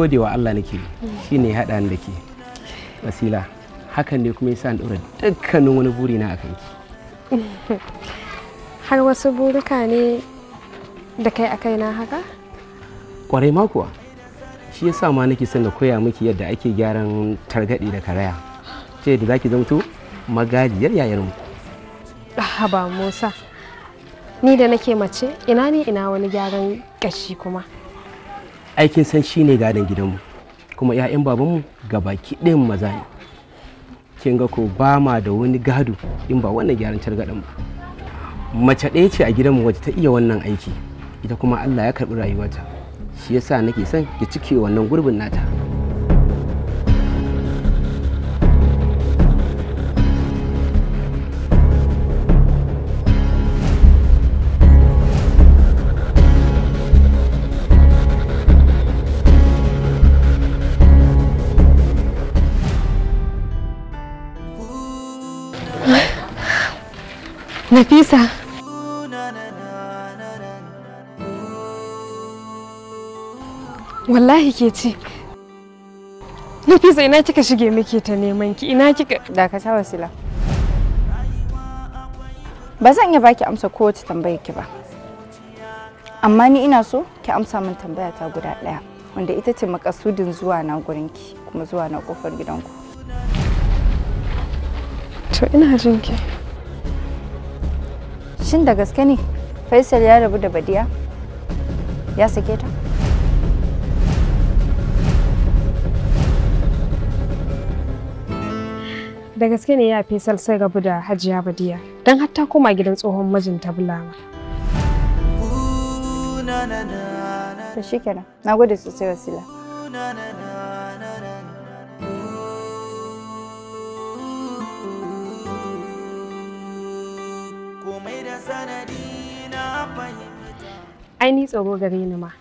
gode wa Allah nake shi ne haɗa da ke wasila hakan ne kuma yasa in ɗora dukkanin wani buri na akan ki har wasu burika ne da kai akai na haka kwarai ma kuwa shi yasa ma nake son na koya miki yadda ake gyaran targaɗe da karaya ce da zaki zamto magajiyar yayar mu ba musa ni da nake mace ina ne ina wani gyaran kashi kuma aikin san shine gadon gidanmu kuma 'ya'yan babanmu ga baki ɗayan maza ne kin ga ko ba ma da wani gado in ba wannan gyaran targaɗin ba mace ɗaya ce a gidanmu wacce ta iya wannan aiki ita kuma allah ya karɓi rayuwarta shi yasa nake son ya cike wannan gurbin nata Nafisa. Wallahi ke ce. Nafisa ina kika shige muke ta neman ki ina kika dakata wasila. Ba zan iya baki amsa kowace tambaye ki ba. Amma ni ina so ki amsa min tambaya ta guda ɗaya wanda ita ce makasudin zuwa na ki kuma zuwa na kofar gidanku. To ina jinki. ki. Shin da gaske ne Faisal ya rabu da Badiya? Ya sake ta? Da gaske ne ya Faisal sai rabu da Hajiya Badiya don har koma gidan tsohon mijinta Bulama. To shikenan, na gode sosai wasila. ai ni tsoro gare ni ma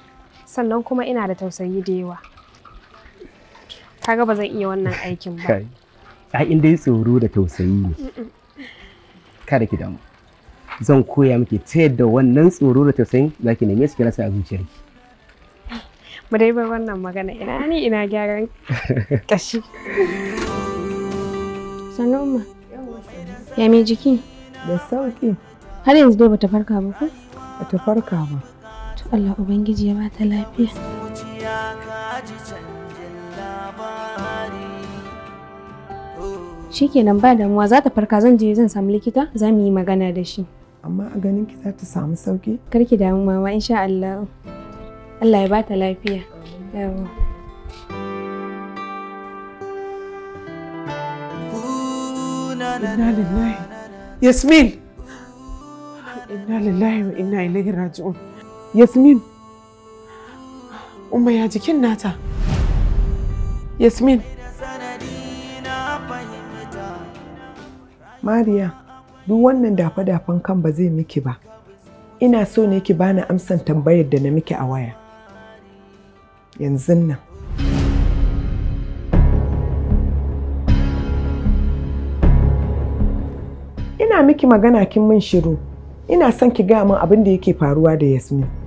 sannan kuma ina da tausayi da yawa kaga ba zan iya wannan aikin ba ai in dai tsoro da tausayi ne kada ki damu zan koya miki ta yadda wannan tsoro da tausayin zaki neme su kira su a ki mu dai bar wannan magana ina ni ina gyaran kashi sanoma ya mai jiki da sauki har yanzu dai bata farka ba ko bata farka ba Allah Ubangiji ya bata lafiya. Shikenan ba damuwa za ta farka zan je zan samu likita za mu yi magana da shi. Amma a ganin ki za ta samu sauki? Karki damu mama insha Allah. Allah ya bata lafiya. Yawa. Inna lillahi. Yasmin. Inna lillahi wa inna ilaihi raji'un. Yasmin. Umma ya jikin nata. Yasmin. Mariya, duk wannan dafa-dafan kan ba zai miki ba. Ina so ne ki bani amsan tambayar da na miki a waya. Yanzun nan. Ina miki magana kin min shiru. Ina son ki gaya min abin da yake faruwa da Yasmin.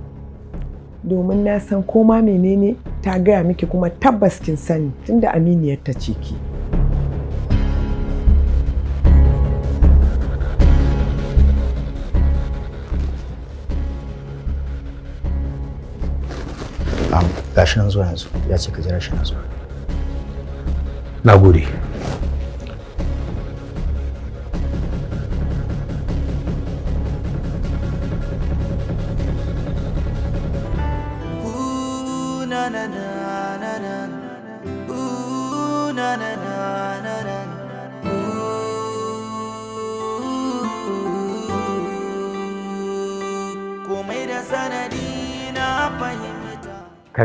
domin na san koma menene ta gaya miki kuma tabbas kin sani tunda aminiyar ta ce ki. gashi zuwa yanzu ya ce ka jira shi na zuwa na gode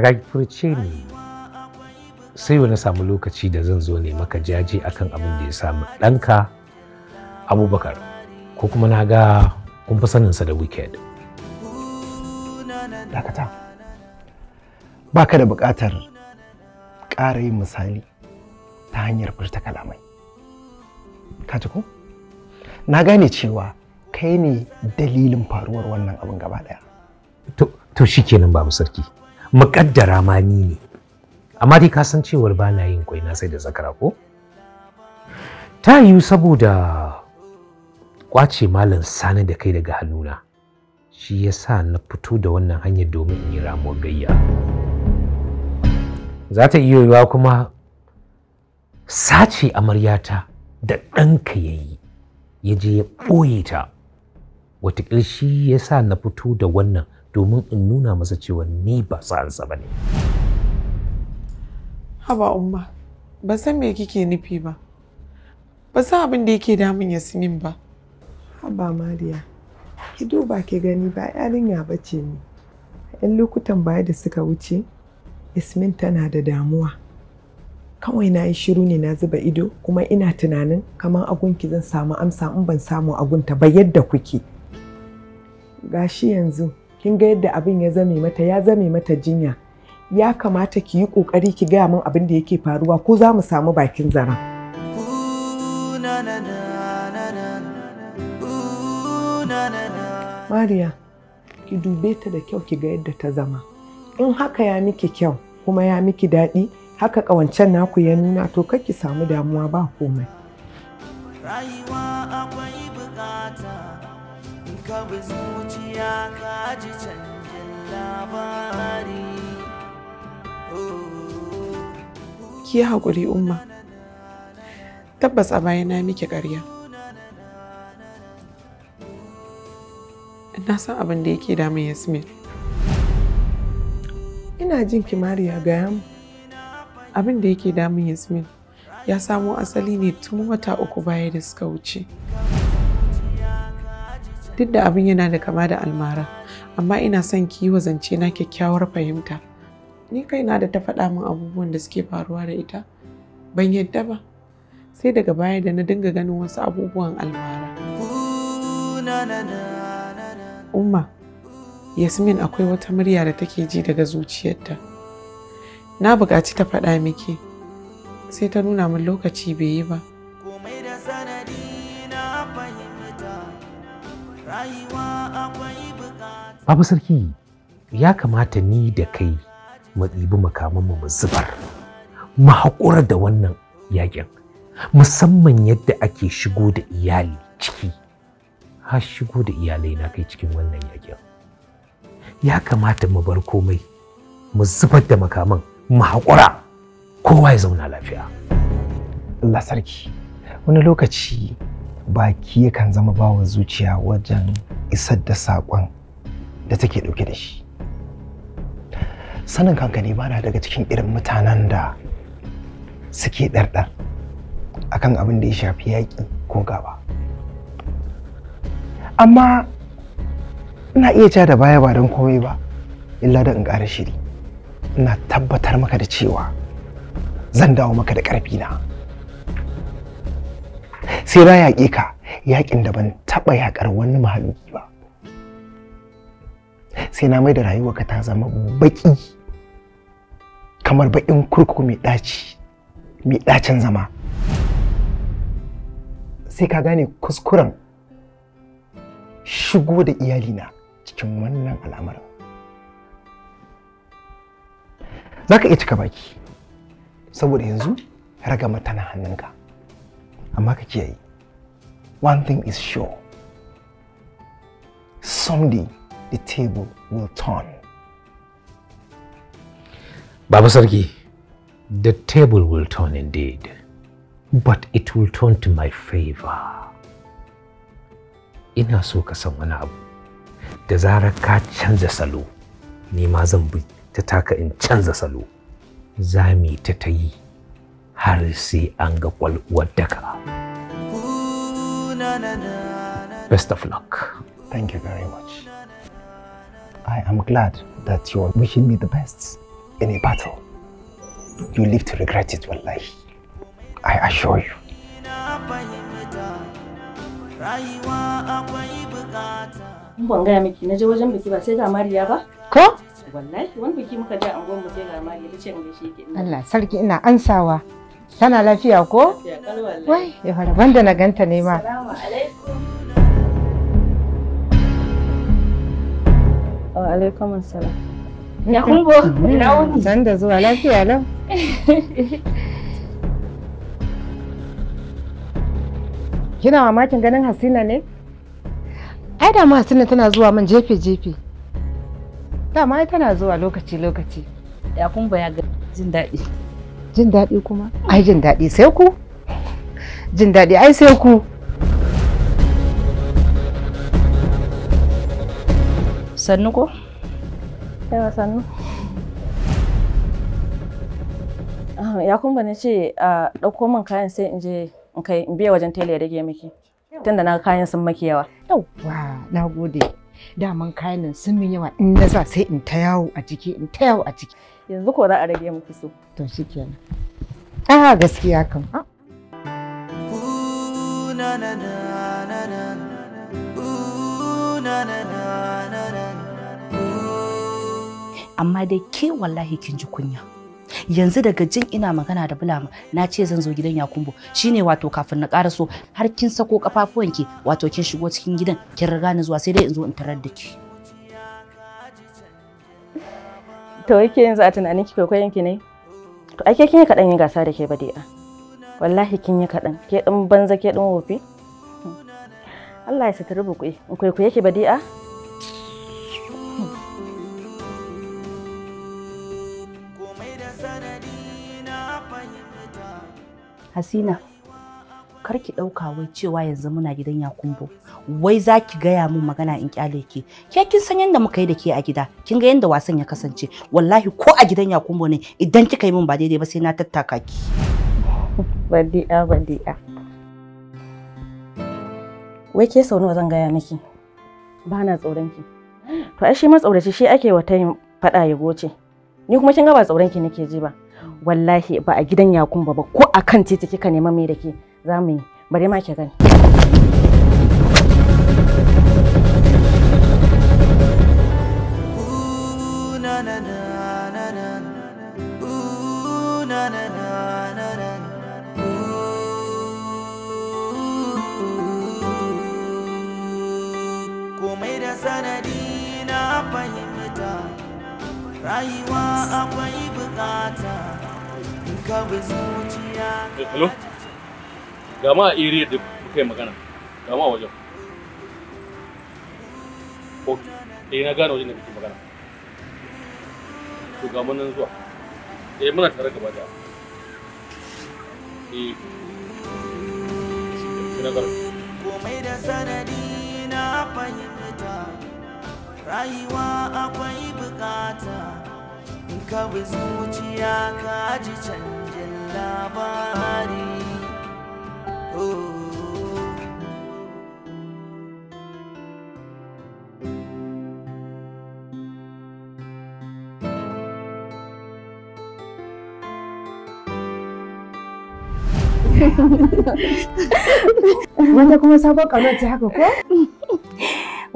kaga furce ne sai wani samu lokaci da zan zo ne maka jaji akan abin da ya samu ɗanka abubakar ko kuma na ga kun fi saninsa da wicked dakata ba da buƙatar ƙara yin misali ta hanyar furta kalamai ka ji ko na gane cewa kai ne dalilin faruwar wannan abin gaba ɗaya to shikenan babu sarki muƙaddara ma ni ne amma dai ka san cewar ba na yin kwai na sai da zakara ko ta yiwu saboda kwace malam sani da kai daga hannuna shi ya sa na fito da wannan hanyar domin in yi ramuwar gayya za ta iya yiwuwa kuma sace amaryata da ɗanka ya yi ya je ya ɓoye ta watakil shi ya sa na fito da wannan domin in nuna masa cewa ni ba sa'ansa ba ne. Haba umma, ba san me kike nufi ba. Ba san abin da yake damun Yasmin ba. Haba Mariya, ki duba ki gani ba yarinya ba ce ni. ‘Yan lokutan baya da suka wuce, Yasmin tana da damuwa. Kawai na yi shiru ne na zuba ido kuma ina tunanin kamar agunki zan samu amsa in ban samu agunta ba yadda kuke. Gashi yanzu kin ga yadda abin ya zame mata ya zame mata jinya ya kamata ki yi kokari ki gaya min abin da yake faruwa ko za mu samu bakin zara Mariya ki dube ta da kyau ki ga yadda ta zama in haka ya miki kyau kuma ya miki daɗi haka ƙawancen naku ya nuna to kar ki samu damuwa ba komai rayuwa bukata ka zuciya ka ji ki haƙuri umma tabbas a baya na miki ƙarya na san abin da yake damun yasmin ina jin kimariya gaya mu abin da yake damun yasmin ya samo asali ne tun wata uku baya da suka wuce. duk da abin yana da kama da almara amma ina son ki yi wazance na kyakkyawar fahimta ni kai na da ta faɗa min abubuwan da suke faruwa da ita ban yadda ba sai daga baya da na dinga ganin wasu abubuwan almara umma yasmin akwai wata murya da take ji daga zuciyarta na buƙaci ta faɗa miki sai ta nuna min lokaci bai yi ba Babu sarki ya kamata ni da kai mu ɗibi makamanmu mu zubar, mu haƙura da wannan yakin, musamman yadda ake shigo da iyali ciki, har shigo da iyalai na kai cikin wannan yakin. Ya kamata mu bar komai, mu zubar da makaman, mu haƙura, kowa ya zauna lafiya. Allah sarki, wani lokaci baki yakan zama bawa zuciya wajen isar da saƙon da take ɗauke da shi sanin kanka ne bana daga cikin irin mutanen da suke ɗarɗar akan abin da ya shafi yaƙi ko gaba amma ina iya ca da baya ba don komai ba illa da in ƙara shiri ina tabbatar maka da cewa zan dawo maka da ƙarfi na sai na yaƙe ka yaƙin da ban taɓa yaƙar wani mahaluki ba sai na mai da rayuwa ka ta zama baƙi kamar baƙin kurkuku mai ɗaci mai ɗacin zama sai ka gane kuskuren shigo da iyalina cikin wannan alamar. za ka iya cika baki saboda yanzu ragama tana hannunka amma ka kiyaye one thing is sure someday the table will turn baba sarki the table will turn indeed but it will turn to my favor ina so ka san wani abu da zarar ka canza salo ni ma zan bi ta taka in canza salo za mu ta ta yi har sai an ga kwalwar Best of luck. Thank you very much. I am glad that you are wishing me the best in a battle. You live to regret it, wallahi. I assure you. In ban gaya miki na je wajen biki ba sai ga Mariya ba? Ko? Wallahi wani biki muka je a unguwar mu sai ga Mariya ta ce in gaishe ki. Allah sarki ina ansawa. Tana lafiya ko? Wai, ya banda na ganta ne ma. Wa alaikum assalam. Ya kumbo, ina wuni. San da zuwa lafiya lau. Kina mamakin ganin Hasina ne? Ai da Hasina tana zuwa man jefe-jefe. Dama ai tana zuwa lokaci-lokaci. Ya kumbo ya ga jin daɗi. jin daɗi kuma ai jin daɗi sai ku jin daɗi ai sai ku sannu ko? yawa sannu ah, ya kuma bane ce a ah, ɗauko min kayan sai in je in kai in biya wajen tele ya rage miki tunda na kayan sun maki yawa yawa na gode daman kayan sun min yawa in na sa sai in ta yawo a jiki in ta yawo a jiki yanzu ko za a rage muku so. to shikenan ah gaskiya kam amma dai ke wallahi kin ji kunya yanzu daga jin ina magana da bulama na ce zan zo gidan yakumbo shine wato kafin na ƙara so har kin sako kafafuwanki wato kin shigo cikin gidan kin riga ni zuwa sai dai in zo in tarar da ki to yanzu a tunanin ki kai ki ne to ai ke kin yi kaɗan yin gasa da ke badi'a wallahi kin yi kaɗan ke dan banza ke dan wofi Allah ya satari buku eh, in kwaikwaye ki badi'a Hasina, kar ki ɗauka wai cewa yanzu muna gidan yakumbo wai za ki gaya mun magana in kyale ki ke kin san yadda muka yi da ke a gida kin ga yadda wasan ya kasance wallahi ko a gidan yakumbo ne idan kika yi mun ba daidai ba sai na tattaka ki badi'a badi'a wai ke sau nawa zan gaya miki ba na tsoron ki to ai shi ma tsoraci shi ake wata faɗa ya goce ni kuma kin ga ba tsoron ki nake ji ba wallahi ba a gidan yakun ba ko akan titi kika nema mai da ke za mu yi bari ma ki gani gama a iri da kai magana gama a wajen ok eh na gano wajen da kake magana to ga nan zuwa eh muna tare gaba da eh na gara komai da sanadi na fahimta rayuwa akwai bukata in ka bi zuciya ka ji canjin labari Wanda kuma sabon ƙaunar ce haka ko?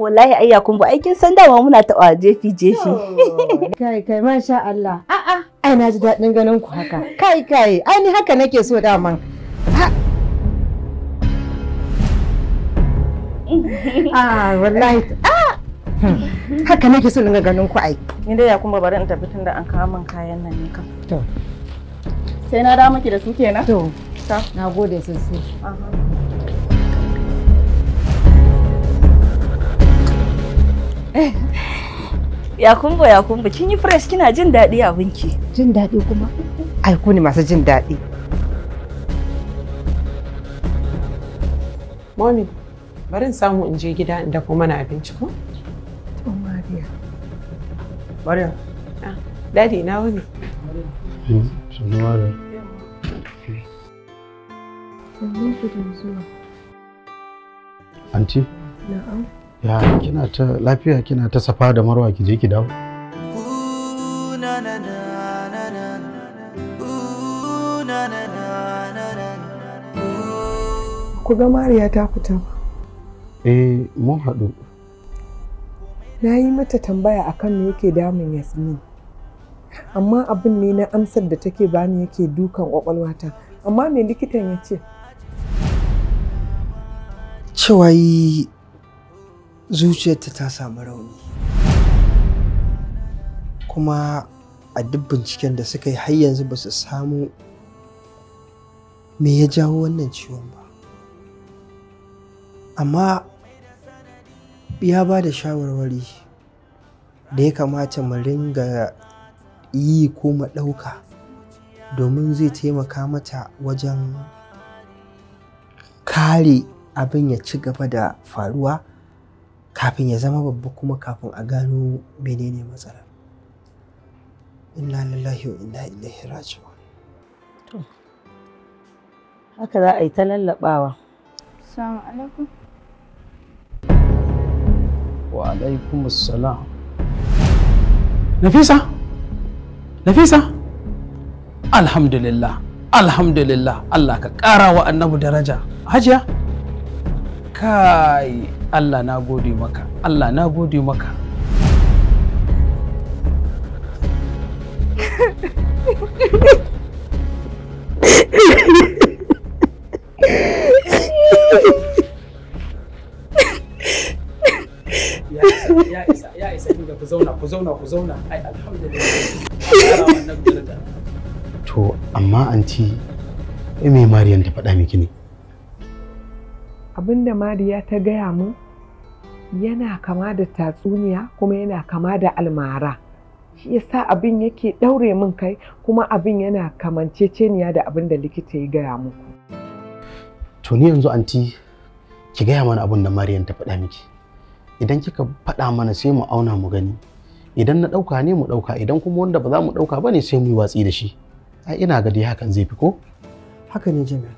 Wallahi ayya kun bu aikin san dama muna taɓa jefi jefi. Kai kai masha Allah. A'a ai na ji daɗin ganin ku haka. Kai kai ai ni haka nake so daman. ah wallahi ah hmm. haka nake so ganin ku ai ni dai ya kuma bari in tafi tunda an kawo min kayan nan ne kam to sai na da miki da su kenan to ta nagode sosai eh. ya kumbo ya kumbo kin yi fresh kina jin daɗi abinki jin daɗi kuma ai ku ne masu jin daɗi Mami, bari in samu in je gida in dafa mana abinci ko? To Mariya. Mariya. Ah, Dadi na wuni. Sannu Mariya. Sannu ku da zuwa. Anti? Ya kina ta lafiya kina ta safa da marwa ki je ki dawo. na na na. ku ga Mariya ta fita Eh, mun haɗu. Na yi mata tambaya akan me yake damun Yasmin. Amma abin ne na amsar da take bani yake dukan ƙwaƙwalwata. Amma me likitan ya ce? Cewa yi zuciyarta ta samu rauni. Kuma a duk binciken da suka yi har yanzu ba su samu me ya jawo wannan ciwon ba. Amma ya ba da shawarwari da ya kamata mu ringa yi ko mu ɗauka domin zai taimaka mata wajen kare abin ya ci gaba da faruwa kafin ya zama babba kuma kafin a gano menene matsala inna lillahi wa inna ilaihi raji'un haka za a yi ta lallabawa. Assalamu alaikum. Wa alaikum assalam. Nafisa? Nafisa? Alhamdulillah. Alhamdulillah. Allah ka ƙara wa annabu daraja. Hajiya? Kai Allah na gode maka. Allah na gode maka. ku zauna ku zauna ai alhamdulillah to amma anti me mariyan ta faɗa miki ne abinda mariya ta gaya mu yana kama da tatsuniya kuma yana kama da almara shi yasa abin yake ɗaure min kai kuma abin yana kamanceceniya da abin da likita ya gaya muku to ni yanzu anti ki gaya mana abin da mariyan ta faɗa miki idan kika faɗa mana sai mu auna mu gani idan na ɗauka ne mu ɗauka idan kuma wanda ba za mu ɗauka ba ne sai mu yi watsi da shi ai ina ga dai hakan zai fi ko haka ne jami'a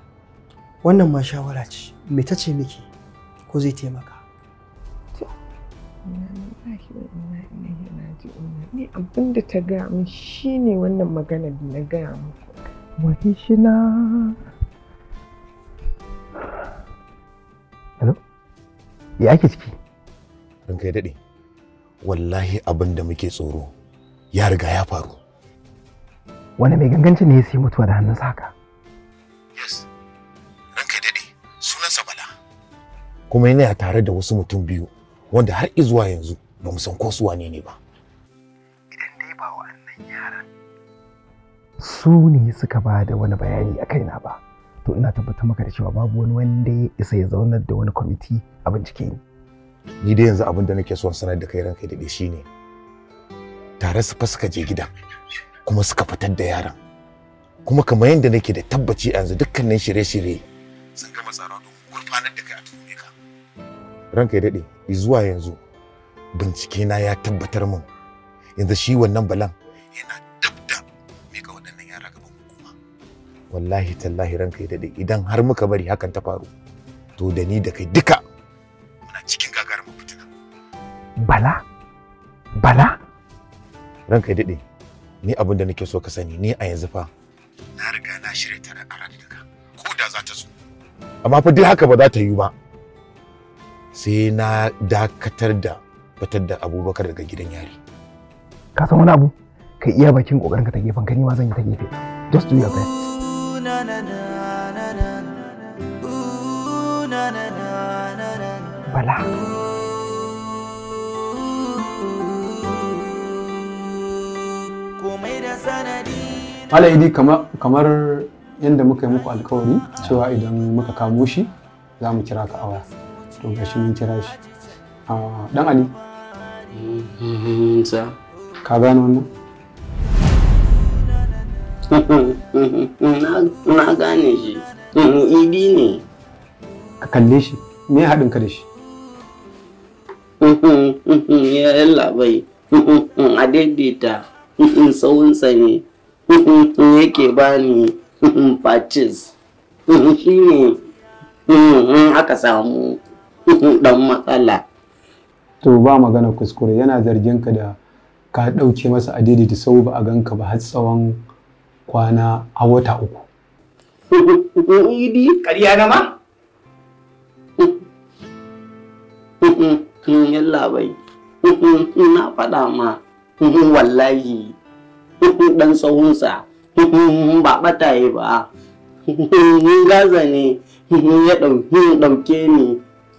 wannan ma shawara ce me ta ce miki ko zai taimaka ni abin da ta gaya min shine wannan magana da na gaya muku wani shi na ya ake ciki ranka kai daɗe wallahi abin da muke tsoro ya riga ya faru wani mai ganganci ne ya sai mutuwa da hannun saka yes ranka daɗe sunansa bala kuma yana tare da wasu mutum biyu wanda har izuwa yanzu ba mu san ko su wane ne ba idan dai ba wa'annan yaran su ne suka ba da wani bayani a kaina ba to ina tabbatar maka da cewa babu wani wanda ya isa ya zaunar da wani kwamiti a bincike ni ni dai yanzu abin da nake son sanar da kai ranka da shine tare su fa suka je gidan kuma suka fitar da yaran. kuma kamar yadda nake da tabbaci yanzu dukkanin shirye-shirye sun gama tsara don gurfanar da kai a tuhume ka ranka ya dai zuwa yanzu bincike na ya tabbatar min yanzu shi wannan balan yana dabda me ga waɗannan yara gaban hukuma wallahi tallahi ranka ya dai idan har muka bari hakan ta faru to da ni da kai duka bala bala ranka ya daɗe ni abin da nake so ka sani ni a yanzu fa na riga na shirya ta a daga ko da za ta zo amma fa dai haka ba za ta yi ba sai na dakatar da fitar da abubakar daga gidan yari ka san wani abu Kai iya bakin kokarin ka ta gefen kani ma zan yi ta gefe just do your best bala Malam kamar yadda muka yi muku alkawari cewa idan muka kamo shi za mu kira ka awa. To ga shi mun kira shi. Ah, Dan Ali. Mm-hmm, Sa. Ka gane wannan? Na gane shi. Mm-hmm, Idi ne. Ka kalle shi. Me ya haɗin ka da shi? Mm-hmm, ya yi labai. A daidaita. Tsawonsa ne. yake bani patches shi ne aka samu dan matsala to ba magana kuskure yana zargin ka da ka ɗauke masa adidi da sau ba a ganka ba har tsawon kwana a wata uku idi ƙarya na ma yalla bai na faɗa ma wallahi dan tsawonsa ba bataye ba gaza ne ya ɗauke ni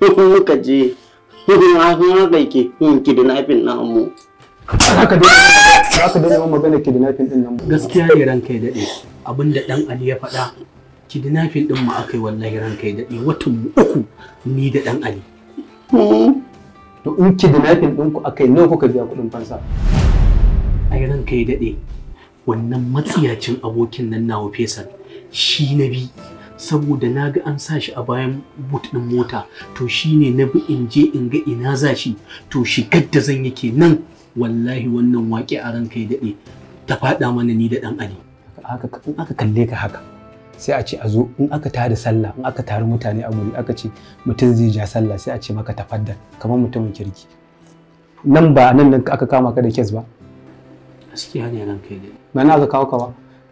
muka je haka ke kidnapping namu haka dai yawan magana kidnapping din nan gaskiya ne ranka ya daɗe abinda ɗan ali ya faɗa kidnapping din ma aka yi wallahi ranka ya daɗe watan uku ni da ɗan ali hmm? to in kidnapping ku aka yi nawa kuka biya kuɗin fansa ai ranka ya daɗe wannan matsiyacin abokin nan nawa fesal shi na bi saboda na ga an sa shi a bayan but ɗin mota to shi ne na bi in je in ga ina za shi to shi da zan yake nan wallahi wannan waƙe a ranka ya daɗe ta faɗa mana ni da ɗan ali in aka kalle ka haka sai a ce a zo in aka tari sallah in aka tari mutane a guri aka ce mutum zai ja sallah sai a ce maka tafaddan kamar mutumin kirki nan ba nan aka kama ka da kes ba gaskiya ne ran kai ba na ka kawo ka ba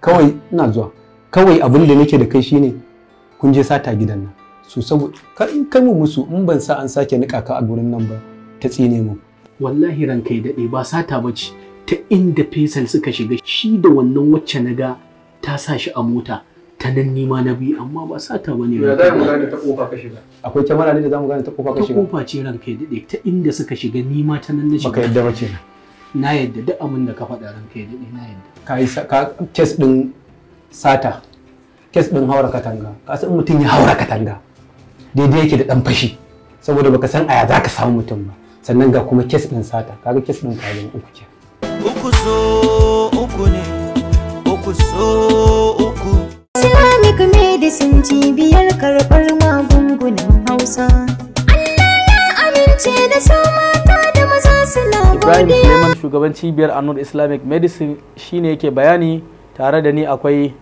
kawai ina zuwa kawai abin da nake da kai shine kun je sata gidan nan su saboda kai mu musu in ban sa an sake nika ka a gurin nan ba ta tsine mu wallahi ran kai daɗe ba sata ba ce ta inda fesal suka shiga shi da wannan wacce na ga ta sa shi a mota ta nan nima na bi amma ba sata ba ne ranka mu gane ta kofa ka shiga akwai kyamara ne da zamu gane ta kofa ka shiga ta kofa ce ranka ya daɗe ta inda suka shiga nima ta nan na shiga baka yadda bace na yadda duk abin da ka faɗa ranka ya daɗe na yadda ka yi kes ɗin sata kes ɗin haura katanga ka san mutum ya haura katanga daidai yake da ɗan fashi saboda baka san aya za ka samu mutum ba sannan ga kuma kes ɗin sata kaga kes ɗin kayan uku ke uku so uku ne uku so uku islamic medicine cibiyar karɓar magungunan hausa Ibrahim Suleiman shugaban cibiyar Anur Islamic Medicine shine yake bayani tare da ni akwai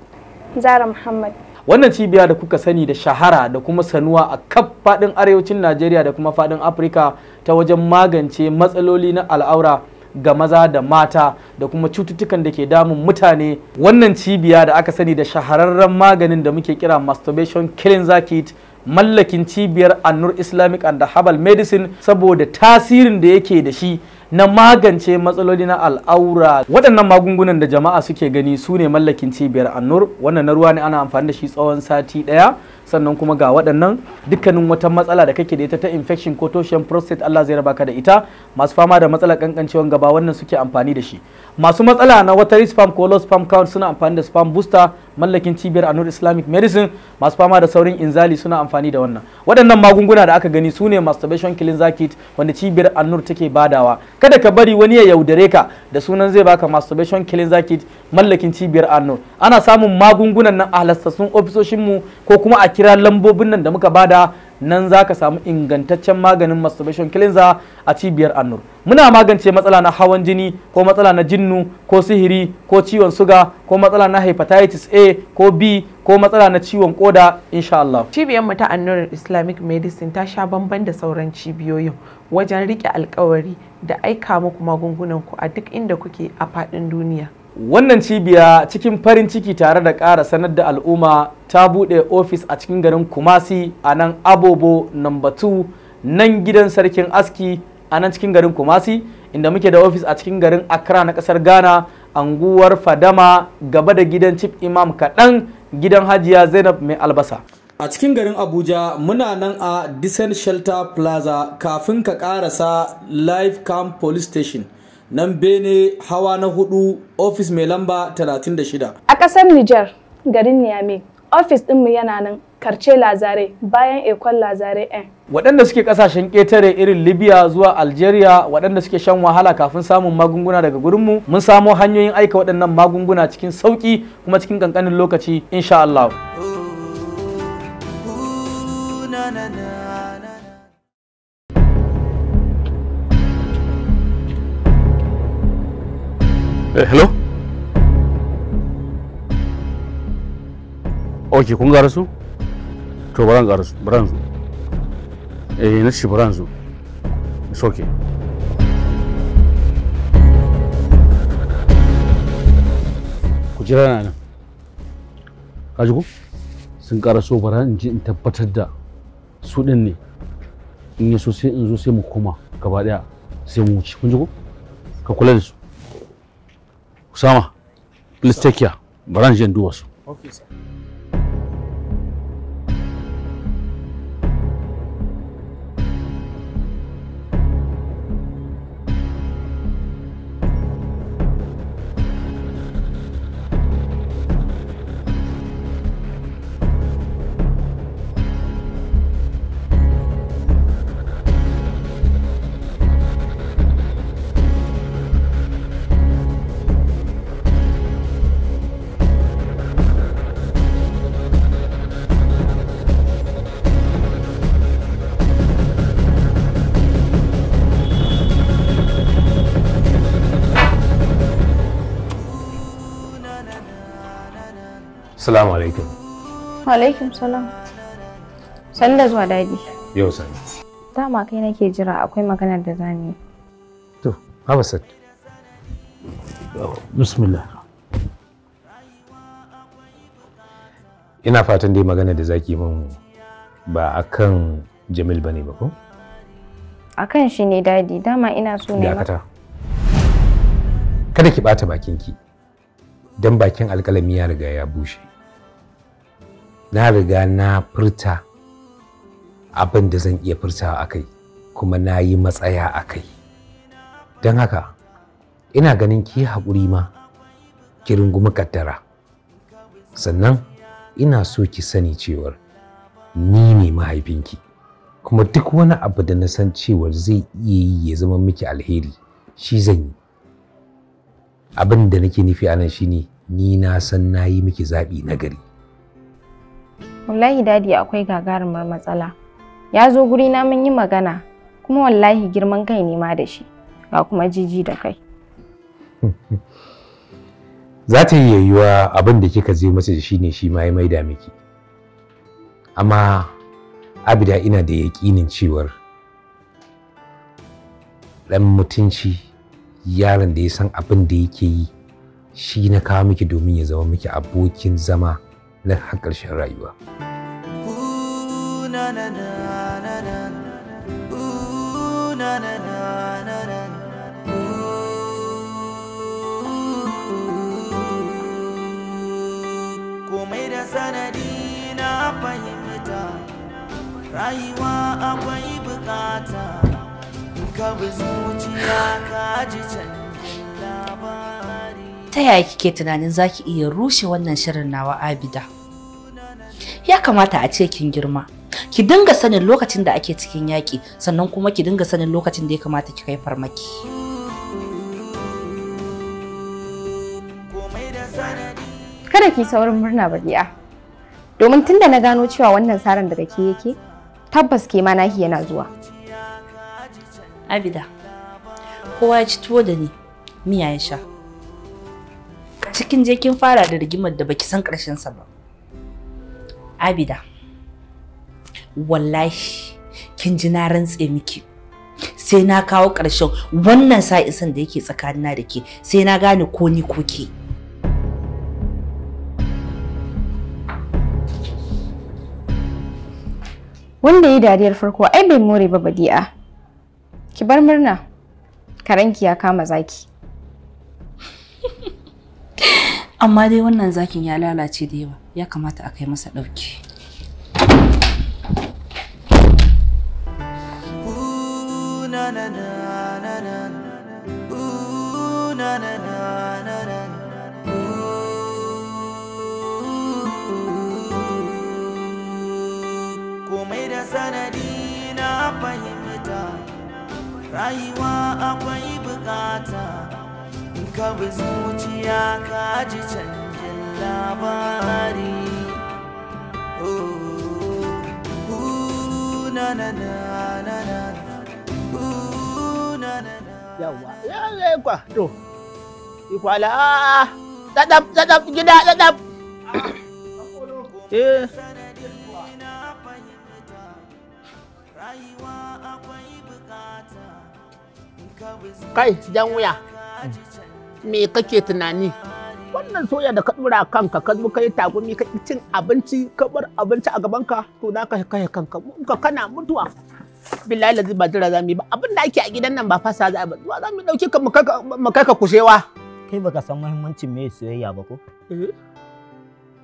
Zara Muhammad. Wannan cibiya da kuka sani da shahara da kuma sanuwa a kaf fadin arewacin Najeriya da kuma fadin Afirka ta wajen magance matsaloli na al'aura ga maza da mata da kuma cututtukan da ke damun mutane wannan cibiya da aka sani da shahararren maganin da muke kira masturbation cleanser kit mallakin cibiyar annur islamic and herbal medicine saboda tasirin da yake da shi na magance matsaloli na al'aura waɗannan magungunan da jama'a suke gani su ne mallakin cibiyar annur wannan na ruwa ne ana amfani da shi tsawon sati ɗaya sannan kuma ga waɗannan dukkanin wata matsala da kake da ita ta infection ko toshen prostate Allah zai raba ka da ita masu fama da matsalar kankancewan gaba wannan suke amfani da shi masu matsala na wata spam ko low spam count suna amfani da spam booster mallakin cibiyar anur islamic medicine masu fama da saurin inzali suna amfani da wannan waɗannan magunguna da aka gani su ne masturbation killing zakit wanda cibiyar anur take badawa kada ka bari wani ya yaudare ka da sunan zai baka masturbation killing zakit mallakin cibiyar anur ana samun magungunan nan a halastassun ofisoshinmu ko kuma a kira lambobin nan da muka bada nan za ka samu ingantaccen maganin masturbation cleanser a cibiyar annur muna magance matsala na hawan jini ko matsala na jinnu ko sihiri ko ciwon suga ko matsala na hepatitis a ko b ko matsala na ciwon koda insha Allah. Cibiyar mu ta annur Islamic Medicine ta sha bamban da sauran cibiyoyin wajen rike alkawari da aika muku magungunan ku a duk inda kuke a faɗin duniya. wannan cibiya cikin farin ciki tare da ƙara sanar da al'umma ta buɗe ofis a cikin garin kumasi a nan abobo namba 2 nan gidan sarkin aski a nan cikin garin kumasi inda muke da ofis a cikin garin accra na ƙasar ghana anguwar fadama gaba da gidan chief imam kaɗan gidan hajiya zainab mai albasa a cikin garin abuja muna nan a descent shelter plaza kafin ka ƙarasa live camp police station nan bene hawa na hudu ofis mai lamba 36 a ƙasar nijar garin niamey ofis ɗinmu yana nan karce lazare bayan ekon lazare n waɗanda suke ƙasashen ƙetare irin libya zuwa algeria waɗanda suke shan wahala kafin samun magunguna daga gurinmu mun samo hanyoyin aika waɗannan magunguna cikin sauƙi kuma cikin ƙanƙanin lokaci insha Allah. Eh, hello ok kun gara su to baran gara su baran su eh na ci baran na Ka kaji sun ƙara so bara in ji in tabbatar da su ɗin ne in yi so sai in zo sai mu koma gaba sai mu wuce kun ji ka kula da su Usama, please take care. Baran je duba su. Okay, sir. Salamu alaikum. Wa alaikum salam. Sani da zuwa daɗi. Yau sani. Dama kai nake jira akwai maganar da za mu yi. To, Bismillah. Ina fatan dai magana da zaki min ba akan Jamil bane ba ko? Akan shi ne dadi dama ina so ne. Dakata. Kada ki bata bakinki. Dan bakin alkalami ya riga ya bushe. na riga na furta abin da zan iya furtawa a kai kuma na yi matsaya a kai don haka ina ganin ki haƙuri ma ki rungumi kaddara sannan ina so ki sani cewar ni ne mahaifinki kuma duk wani abu da na san cewar zai iya yi ya zama miki alheri shi zan yi abin da nake nufi anan shine ni na san na yi miki zaɓi na gari wallahi dadi akwai gagarumar matsala ya zo guri na mun yi magana kuma wallahi girman kai ne ma da shi ga kuma jiji da kai za ta yi yayuwa abin da kika je masa shi ne shi ma ya maida miki amma abida ina da yaƙinin cewar ɗan mutunci yaron da ya san abin da yake yi shi na kawo miki domin ya zama miki abokin zama na har ƙarshen rayuwa. Komai da sanadi na fahimta, rayuwa akwai bukata, ka bi zuciya ka ji canjin labari. ta yaya kike tunanin za ki iya rushe wannan shirin nawa abida ya kamata a ce kin girma ki dinga sanin lokacin da ake cikin yaƙi sannan kuma ki dinga sanin lokacin da ya kamata ki kai farmaki kada ki saurin murna badiya domin tunda na gano cewa wannan tsarin daga ke yake tabbas ke ma nahi yana zuwa abida kowa ya ci tuwo da ni miya ya sha cikin je kin fara da rigimar da baki san ƙarshen sa ba abida wallahi kin ji na rantse miki sai na kawo ƙarshen wannan sa'isan da yake tsakanina da ke sai na gane ko ni ko ke wanda ya dariyar farko ai bai more ba badi'a ki bar murna karanki ya kama zaki amma dai wannan zakin ya lalace da yawa ya kamata a kai masa ɗauki komai da sanadi na fahimta rayuwa akwai bukata ka bi zuciya ka ji canjin labari yawa yawa kwa to ikwala ah, dadab dadab gida dadab eh. kai jan wuya hmm. me kake tunani wannan soya da ka dura kanka ka zo kai tagumi ka cin abinci ka bar abinci a gaban ka to za ka kai kanka ka kana mutuwa billahi lazi ba jira zamu ba abin da ake a gidan nan ba fasa za ba za mu dauke ka mu kai ka kushewa kai baka san muhimmancin me soyayya ba ko eh.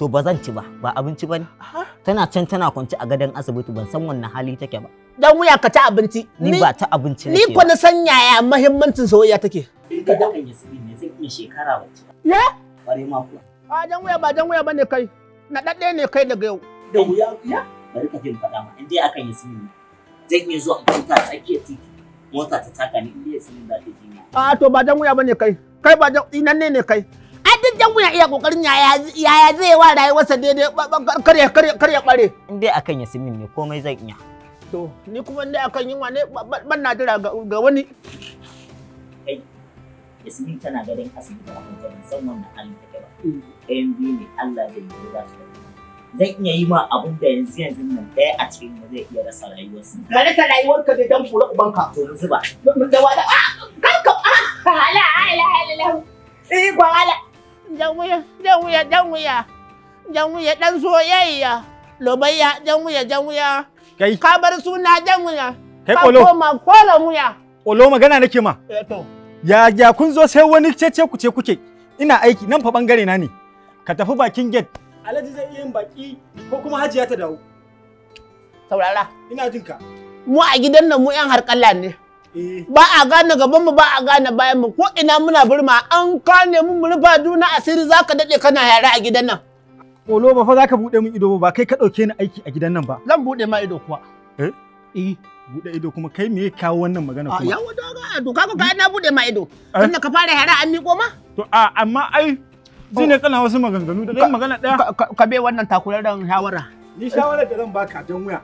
to ba zan ci ba ba abinci ba ne tana can tana kwance a gadon asibiti ban san wannan hali take ba dan wuya ka ta abinci ni ba ta abinci ni ko na san yaya muhimmancin soyayya take Ita da kan yasiri ne zai iya shekara wacce. Ya? Kware ma kuwa. A jan wuya ba jan wuya bane kai. Na ɗaɗɗe ne kai daga yau. Da wuya ya? Bari ka jin faɗa ma in dai akan yasiri ne. Zan iya zuwa in kwanta a tsakiyar titi. Mota ta taka ni in dai yasiri da ake ji ni. A to ba jan wuya bane kai. Kai ba jan inan ne ne kai. A duk jan wuya iya kokarin yaya zai wa rayuwarsa daidai karya karya karya bare. In dai akan yasiri ne komai zan iya. To, ni kuma dai akan yunwa ne ban na jira ga wani. Kai, Yasmin tana gadon asibiti a kanta ban na wannan halin take ba. Mm. Ɗayan biyu ne Allah zai yi za su Zan iya yi ma abin da yanzu yanzu nan ɗaya a cikin mu zai iya rasa rayuwarsa. Ka rasa rayuwarka ne dan kura ubanka. To yanzu ba. Da wada a ah, kanka a ah. ala ala ala. Eh ba ala. Dan wuya dan wuya dan wuya. Dan wuya dan soyayya. Lobayya dan wuya dan wuya. Kai. Ka bar suna dan wuya. Kai kolo. Ka koma kola wuya. Kolo magana nake ma. Eh to. ya ya kun zo sai wani cece ku ce kuke ina aiki nan fa bangare na ne ka tafi bakin gate alhaji zai iya yin baki ko kuma hajiya ta dawo saurara ina jin ka mu a gidan nan mu yan harƙalla ne eh. ba a gane gaban mu ba a gane bayan mu ko ina muna burma an kane mu rufa juna asiri zaka dade kana yare a gidan nan Kolo ba fa zaka bude min ido ba kai ka dauke ni aiki a gidan nan ba zan bude ma ido kuwa eh eh bude ido kuma kai me ya kawo wannan magana ah, kuma yawa da to kaga ka na bude ma ido eh? da ka fara hara an miko ma to a amma ai shine kana wasu maganganu da kai magana daya ka be wannan takurarren shawara ni shawara da zan baka dan wuya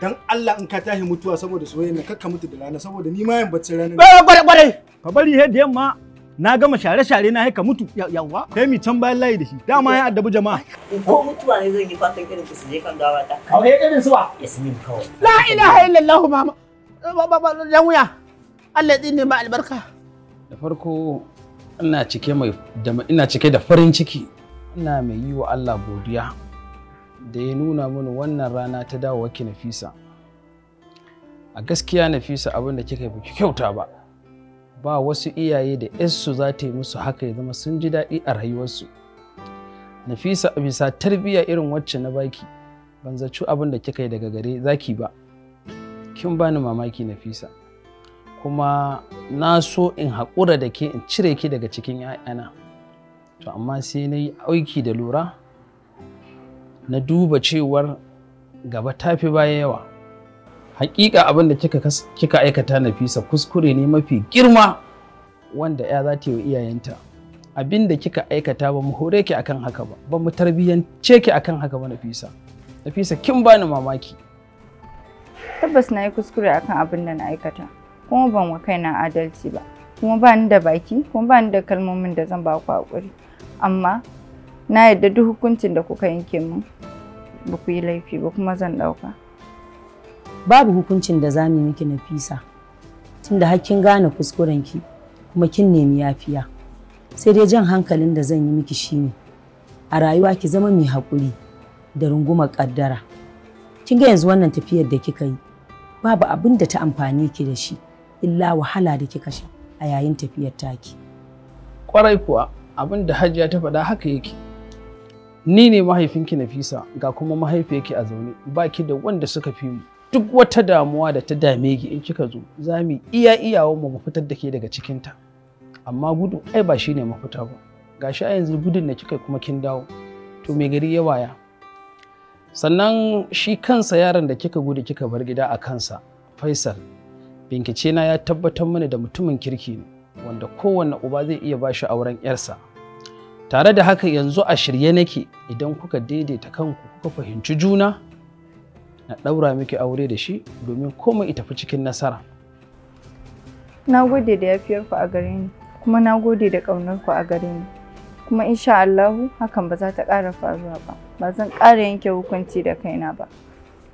dan Allah in ka tashi mutuwa saboda soyayya kakka mutu da rana saboda ni ma yan bacci rana ba gware gware ka bari he da yamma na gama share-share na haika mutu yawa kai mi can bayan layi da shi dama ya addabi jama'a ko mutuwa ne zan yi fatan irin su je kan gawa ta kawai irin suwa yasmin kawai la ilaha illallah mama yan wuya Allah ya tsine ma albarka da farko ina cike mai ina cike da farin ciki ina mai yi wa Allah godiya da ya nuna mini wannan rana ta dawo ki Nafisa a gaskiya Nafisa abin da kika yi kyauta ba ba wasu iyaye da yarsu za ta yi musu haka ya zama sun ji daɗi a rayuwarsu nafisa a bisa tarbiyya irin wacce na baki ban zaci abin da kika yi daga gare zaki ba kin bani mamaki nafisa kuma na so in haƙura da ke in cire ki daga cikin 'ya'yana to amma sai na yi aiki da lura na duba cewar gaba tafi baya yawa hakika abin da kika aikata nafisa kuskure ne mafi girma wanda ya za ta yi wa iyayenta abin da kika aikata ba mu hore ki akan haka ba ba mu tarbiyyance ki akan haka ba nafisa nafisa kin bani mamaki tabbas na yi kuskure akan abin da na aikata kuma ban wa kaina adalci ba kuma ba ni da baki kuma ba ni da kalmomin da zan ba ku hakuri amma na yarda duk hukuncin da kuka yanke min ba ku yi laifi ba kuma zan ɗauka. babu hukuncin da za mu miki nafisa tunda har kin gane kuskurenki kuma kin nemi yafiya sai dai jan hankalin da zan yi miki shine a rayuwa ki zama mai haƙuri da rungumar ƙaddara kin ga yanzu wannan tafiyar da kika yi babu abin da ta amfani ki da shi illa wahala da kika sha a yayin tafiyar taki kwarai kuwa abin da hajiya ta faɗa haka yake ni ne mahaifinki nafisa ga kuma mahaifiyarki a zaune ba ki da wanda suka fi mu duk wata damuwa da ta dame ki in kika zo za mu iya iyawa mu fitar da ke daga cikinta amma gudu ai ba shine mafita ba gashi a yanzu gudun da kika kuma kin dawo to me gari ya waya sannan shi kansa yaron da kika gudu kika bar gida a kansa faisal bincike na ya tabbatar mana da mutumin kirki ne wanda kowanne uba zai iya bashi auren yarsa tare da haka yanzu a shirye nake idan kuka daidaita kanku kuka fahimci juna na ɗaura miki aure da shi domin komai ita fi cikin nasara. Na gode da yafiyarku a gare ni, kuma na gode da ƙaunarku a gare ni. Kuma insha Allahu hakan ba za ta ƙara faruwa ba, ba zan ƙara yanke hukunci da kaina ba.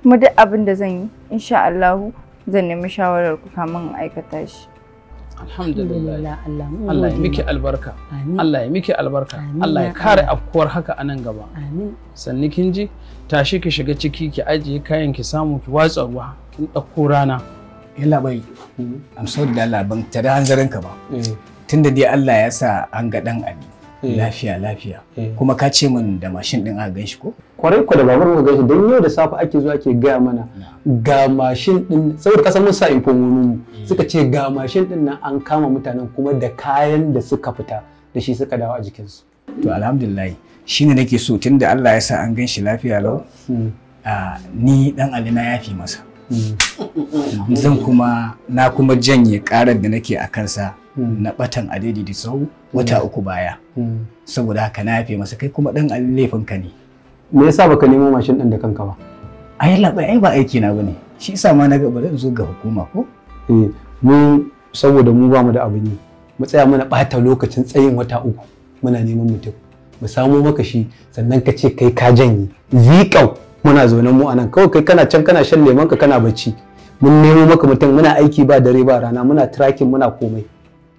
Kuma duk abin da zan yi, insha Allahu zan nemi shawararku kamin in aikata shi. alhamdulillah Allah ya miki albarka Allah ya miki albarka Allah ya kare afkuwar haka a nan gaba sannan kin ji tashi ki shiga ciki ki ajiye kayan ki samu ki watsa ruwa kin ɗauko rana yalla bai am so da Allah ban tada hanzarin ka ba eh. tunda dai Allah ya sa an ga dan abi eh. lafiya lafiya eh. kuma ka ce min da mashin din a ganshi ko kwarai ku da babar muka gaishe don yau da safe ake zuwa ake gaya mana ga mashin din saboda kasan mun sa infomomin mu mm. suka ce ga mashin din nan an kama mutanen kuma da kayan da suka fita da shi suka dawo a jikinsu. to alhamdulillah ne nake so tunda Allah ya sa an gan shi lafiya lau mm. ni dan Ali na yafi masa mm. zan kuma na kuma janye karar da nake a kansa na batan adedi da sau wata uku baya saboda haka na yafi masa kai kuma dan Ali laifin ka ne me yasa baka nemo mashin din da kanka ba ai labai ai ba aiki na bane shi yasa ma na ga bari zo ga hukuma ko eh mu saboda mu ba mu da abin yi mu tsaya mana bata lokacin tsayin wata uku muna neman mutum mu samo maka shi sannan ka ce kai ka janye zikau muna zaune mu anan kawai kai kana can kana shan leman ka kana bacci mun nemo maka mutum muna aiki ba dare ba rana muna tracking muna komai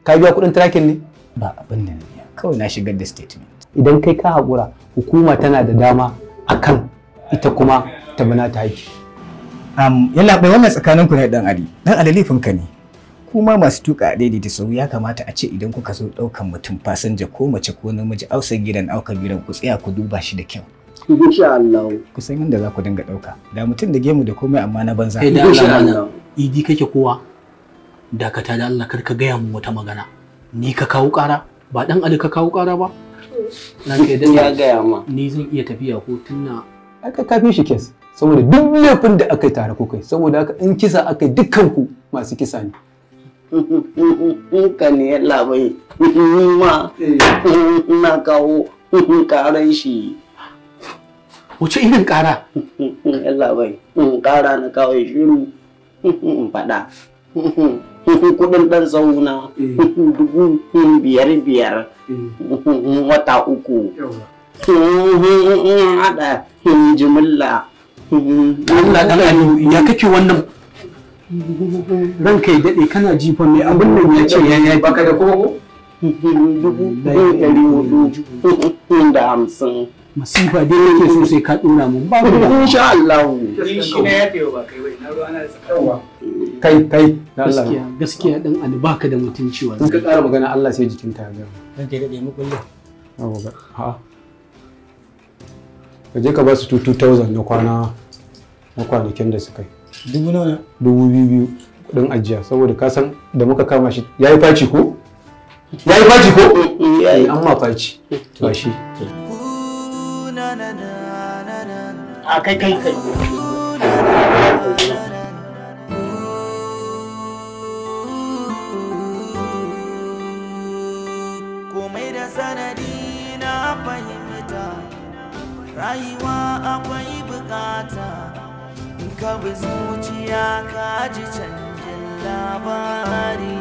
ka biya kuɗin tracking ne ba abin da kawai na shigar da statement idan kai ka haƙura hukuma tana da dama akan ita kuma ta muna ta haiki um, yalla bai wannan tsakaninku ne dan ali dan ali laifin ka ne kuma masu tuka daidaita sau ya kamata a ce idan kuka so daukan mutum fasinja ko mace ko namiji ausan gidan aukan gidan ku tsaya ku duba shi da kyau insha Allah ku san inda za ku dinga ɗauka da mutum da gemu da komai amma na banza insha Allah idi kake kowa dakata da Allah kar ka gaya mu wata magana ni ka kawo kara ba dan ali ka kawo kara ba na ke da ya gaya ma ni zan iya tafiya ko tunna aka kafi shi kes saboda duk laifin da aka tare ku kai saboda haka in kisa aka dukkan ku masu kisa ne ka ne labai ma na kawo karan shi wace irin kara labai kara na kawo shiru faɗa kudin dan zauna eh. dubu biyar biyar eh. wata uku hada jimilla Allah dan ya kake wannan ranka ya dade kana jifa mai abin nan ya ce ya baka da koko dubu masifa dai so sai ka dora mun ba ku insha Allah shi ne ya ba kai wai na ruwa na kai kai gaskiya gaskiya dan ali da mutunci wannan ka ƙara magana Allah sai jikin ta ga dan ke dade mu kullu awo ga ha ka je ka ba su 2000 na kwana na kwanakin da suka yi dubu nawa dubu biyu kudin ajiya saboda ka san da muka kama shi yayi faci ko yayi faci ko yayi amma faci to shi a kai kai kai rayuwa akwai bukata in ka bi zuciya ka ji canjin labari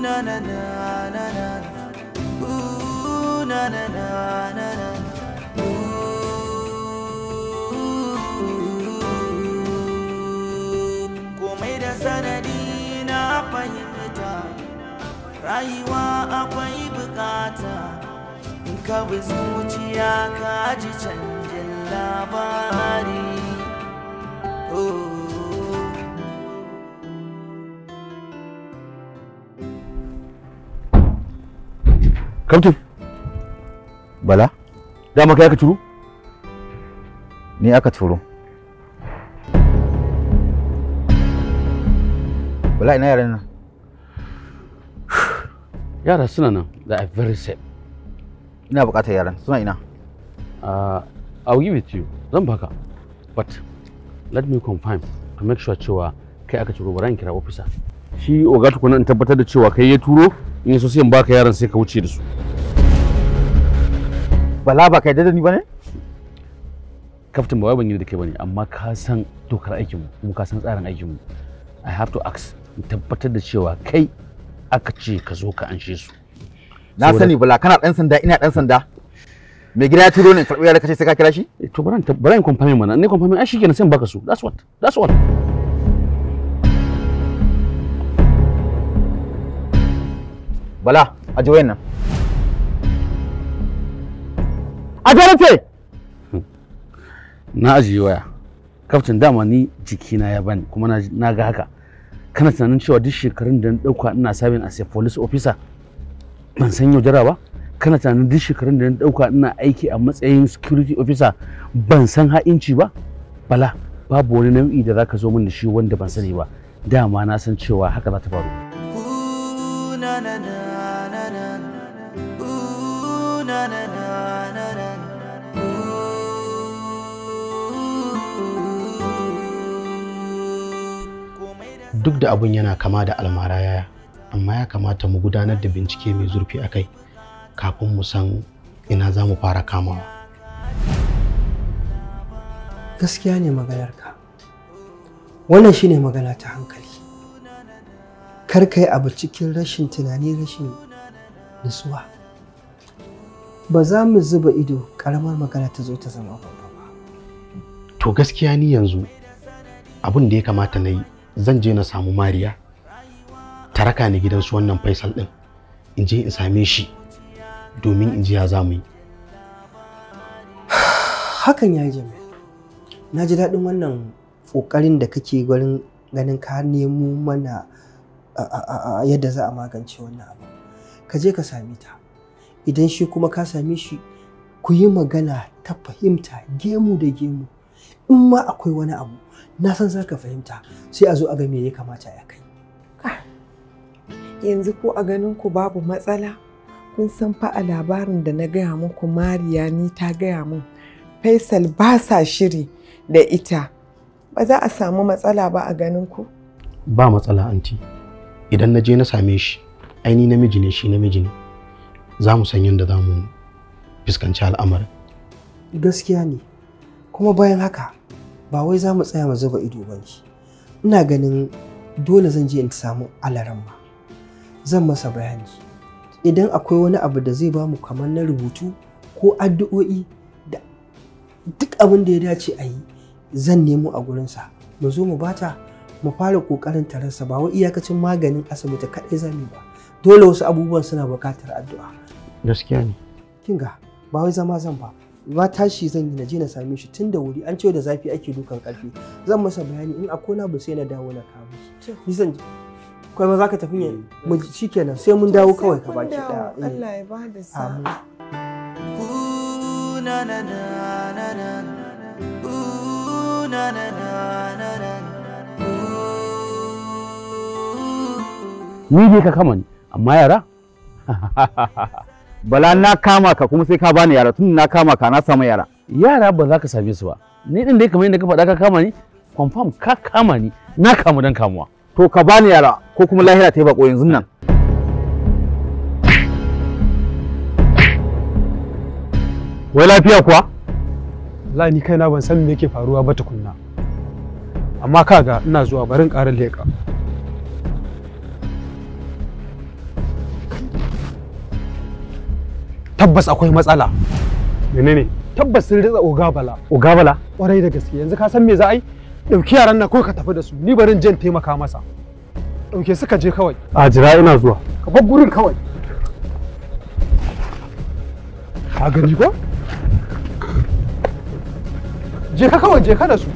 na na na na na na na na na rayuwa akwai bukata in ka bi zuciya ka ji canjin labari oh. Kamtin, Bala, dama kai aka turo? Ni aka turo. Bala ina yaran nan? yara suna nan da a very safe ina bukatar yaran suna ina uh, i'll give it to you zan baka but let me confirm to make sure cewa kai aka ciro bara in kira officer shi oga tukuna in tabbatar da cewa kai ya turo in so sai in baka yaran sai ka wuce da su bala ba kai da ni bane kaftin ba wai ban yi da kai bane amma ka san dokar aikinmu kuma ka san tsarin aikinmu i have to ask in tabbatar da cewa kai aka ce ka zo ka anshe su na sani bala kana dan sanda ina dan sanda mai gida ya turo ne karɓi ya kace sai ka kira shi eh, to bari bari in confirm mana ne confirm ai shikenan sai in baka su that's what that's what bala a ji wayannan a jarate hmm. na ajiye waya kaftin dama ni jikina ya bani kuma na ga haka kana tunanin cewa duk shekarun da na dauka ina sabin as a police officer ban san yaudara ba kana tunanin duk shekarun da na dauka ina aiki a matsayin security officer ban san ha'inci ba bala babu wani nau'i da zaka zo min da shi wanda ban sani ba dama na san cewa haka za ta faru na na na duk da abun yana kama da almara yaya amma ya kamata mu gudanar da bincike mai zurfi a kai kafin mu san ina za mu fara kamawa gaskiya ne maganarka wannan shine magana ta hankali kar ka abu cikin rashin tunani rashin nutsuwa ba za mu zuba ido karamar magana ta zo ta zama babba ba to gaskiya ni yanzu abin da ya kamata na yi zan je na samu mariya ta raka ni gidan su wannan faisal ɗin in je in same shi domin in ji ya za mu yi hakan ya yi na ji daɗin wannan ƙoƙarin da kake gwarin ganin ka nemo mana yadda za a magance wannan abu ka je ka same ta idan shi kuma ka same shi ku yi magana ta fahimta gemu da gemu in ma akwai wani abu na san za fahimta sai a zo a ga me ya kamata ya kai yanzu ko a ganin ku babu matsala kun san fa a labarin da na gaya muku mariya ni ta gaya mun faisal ba sa shiri da ita ba za a samu matsala ba a ganin ku ba matsala anti idan na je na same shi aini namiji ne shi namiji ne za mu san yadda za mu fuskanci al'amarin gaskiya ne kuma bayan haka ba wai za mu tsaya mu zuba ido ba ne ina ganin dole zan je in samu alaran alaramma zan masa bayani idan akwai wani abu da zai ba mu kamar na rubutu ko addu'o'i da duk abin da ya dace a yi zan nemo a gurinsa mu zo mu bata mu fara kokarin tararsa ba wai iyakacin maganin asibiti kaɗai zamu ba dole wasu abubuwan suna buƙatar addu'a gaskiya ne kinga ba wai zama zan ba ma tashi zan yi na je na same shi tun da wuri an ce da zafi ake dukan karfi zan masa bayani in akwai na sai na dawo na kawo shi ni zan kai ma zaka tafi ne eh, mu shikenan sai mun dawo kawai ka baki daya eh. Allah ya bada sa na na na na na na na na ni dai ka kama ni amma yara bala na kama ka kuma sai ka bani yara tun na kama ka na samu yara yara ba za ka same su ba ni din dai kamar yadda ka faɗa ka kama ni confirm ka kama ni na kamu dan kamuwa to ka bani yara ko kuma lahira ta yi bako yanzu nan wai lafiya kuwa la ni kaina ban san me yake faruwa ba tukunna amma kaga ina zuwa barin ƙarar leƙa tabbas akwai matsala menene tabbas sun ritsa ogabala ogabala kwarai da gaske yanzu ka san me za a yi dauki yaran nan ko ka tafi da su ni barin jan taimaka masa dauke suka je kawai a jira ina zuwa ka bar gurin kawai ka gani ko je ka kawai je ka da su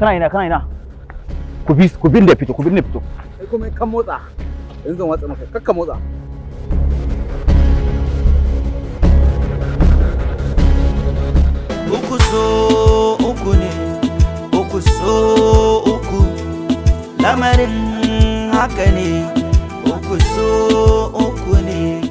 kana ina kana ina ku bi ku bin da fito ku bin da fito kai kuma kan motsa yanzu zan watsa maka kakka motsa uku so uku ne uku so uku lamarin haka ne uku so uku ne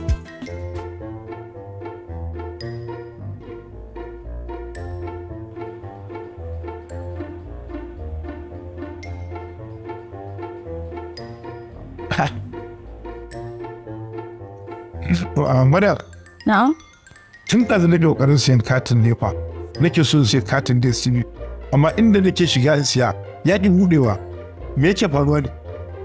madar na'am tun ɗazu nake ƙoƙarin siyan katin nefa nake so sai katin dstv amma inda nake shiga in siya ya ƙi buɗewa me yake faruwa ne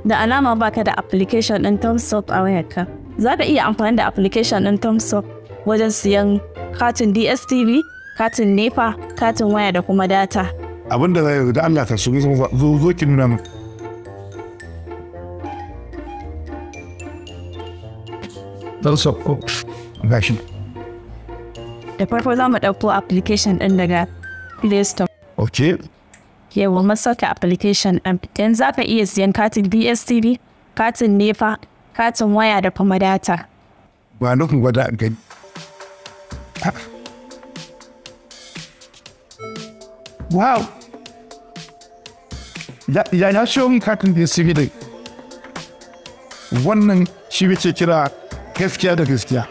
da alama ba ka da application ɗin thumbsup a wayarka za ka iya amfani da application ɗin thumbsup wajen siyan katin dstv katin nefa, katin waya da kuma data abin da zai da Allah ta shigo zo zo ki nuna min don sauko gashi da farko za mu ɗauko application ɗin daga play store ok yawa masauka application ɗin yanzu za ka iya siyan katin dstv katin nefa katin waya da kuma data ba nufin gwada gani wow ya ya siyo min katin dstv ɗin wannan shi ce kira gaskiya da gaskiya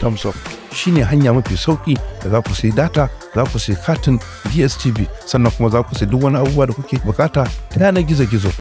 tamsof shi shine hanya mafi sauƙi da za ku sayi data za ku sayi katin dstv sannan kuma za ku sayi duk wani abubuwa da kuke bukata ta yanar gizo-gizo